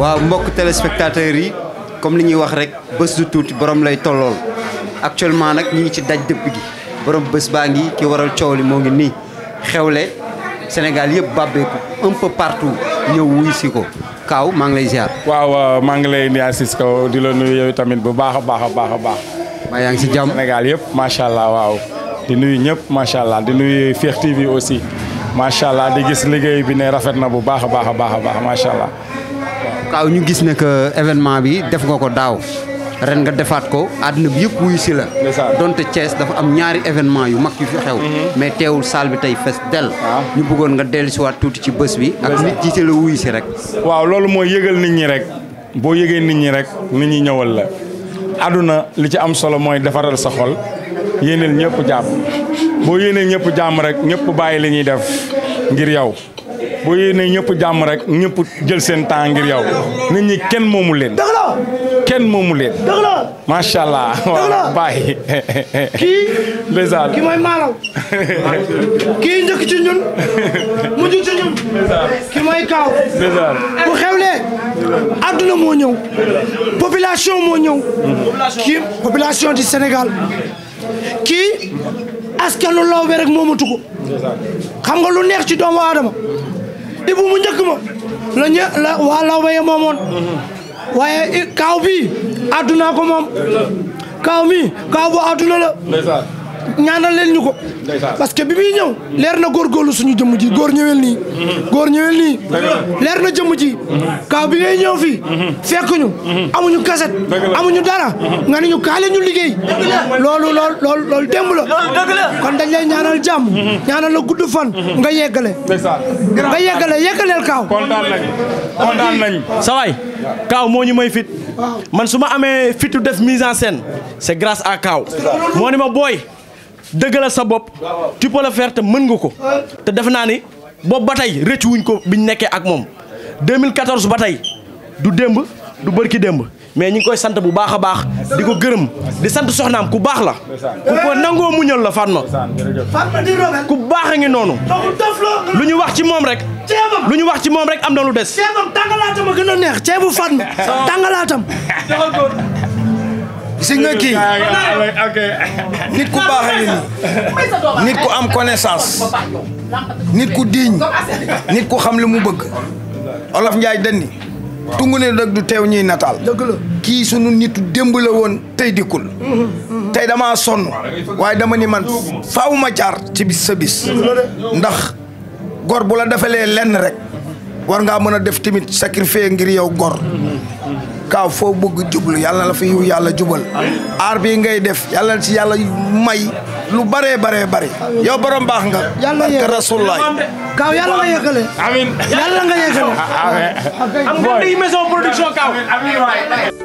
waaw mbokk téléspectateurs yi comme li ñuy wax rek bés du tuuti borom lay tollool actuellement nag ñi ngi ci daj dëpp gi borom bés baa ngi ki waral coow li moo ngi nii xewle Sénégal yëpp ko un peu partout ñëw wuy si ko kaw maa ngi lay ziar. waaw maa ngi lay nuyu Ciss Kao di la nuyu yow tamit bu baax a baax a baax a baax. maa yaa ngi si jàmm Sénégal yëpp macha allah waaw. di nuyu ñëpp macha allah di nuyu fiex TV aussi macha allah di gis liggéey bi ne rafet na bu baax a baax a baax a baax macha allah. kaaw ñu gis ne que événement bi def nga ko daaw ren nga defaat ko àdduna bi yëpp wuyu si la. donte cees dafa am ñaari événement yu mag yu fi xew. Mhm. mais teewul salle bi tey fes del ah. ñu bëggoon nga dellusiwaat tuuti ci bës bi. ak nit jiite la wuyu si rek. waaw loolu mooy yëgal nit ñi rek boo yëgee nit ñi rek nit ñi ñëwal la àdduna li ci am solo mooy defaral sa xol yéeneel ñëpp jàmm boo yéeneel ñëpp jàmm rek ñëpp bàyyi li ñuy def ngir yow. boo ne ñëpp jàmm rek ñëpp jël seen temps ngir yow nit ñi kenn moomu leen. dëgg kenn moomu leen. dëgg la macha allah. dëgg la bàyyi. kii. ndeysaan kii mooy maalaw. kii njëkk ci ñun mujj ci ñun. mooy kaaw. ndeysaan bu xewlee. adduna moo ñëw. population moo ñëw. kii population du Sénégal. kii askanu lawbe rek moomu tugu xam nga lu neex ci doomu aadama ibu njëkk ma la ñë lawbe ya moomoon waaye kaaw bi àdduna ko moom kaaw mi kaaw bu àdduna la ñaanal leen ñu ko parce que bi muy ñëw leer na góor góorgóorlu suñu jëmm ji góor ñëwel nii góor ñëwel nii leer na jëmm ji kaaw bi ngay ñëw fii mhm. fekk ñu mhm. amuñu kaset amuñu dara mhm. nga ni ñu kaale ñu liggéey loolu lool lool loolu démb kon dañ lay ñaanal jàmm ñaanal la gudd fan nga yeggale nga yeggale yeggaleel kaaw kontaan nañ kontaan nañ sa kaaw moo ñu may fit man su ma amee fitu def mise en scène c'est grâce à kaaw moo ni ma booy dëggalal sa bopp tu peux le faire te mën nga ko te def naa ni boobu ba tey rëcc wuñ ko biñ nekkee ak moom 2014 ba tey du démb du bërki démb mais ñu ngi koy sant bu baax a baax di ko gërëm di sant soxnaam ku baax la ku ko nangoo muñal la Fatma ku baax a ngi noonu lu ñu wax ci moom rek lu ñu wax ci moom rek am na lu des ceebam tàngalaatam a gën a neex ceebu Fatma tàngalaatam si nga kii nit ku baax nit ku am connaissance nit ku diiñ nit ku xam li mu bëgg Olof Njaay danni tungu ne rek du teew ñuy nataal kii sunu nitu démb la woon tey dikkul tey damaa sonn waaye dama ni man faaw ma jaar ci bis sa bis ndax gor bu la defalee lenn rekk war ngaa mën a def tamit sacrifice ngir yow gor kaaw foo bëgg jublu yàlla la fi yiw yàlla jubal aar bi ngay def yàlla yàlla may lu bare bare bare yow borom baax nga yàlla kaaw yàlla nga yëkkale amiin nga yëkkale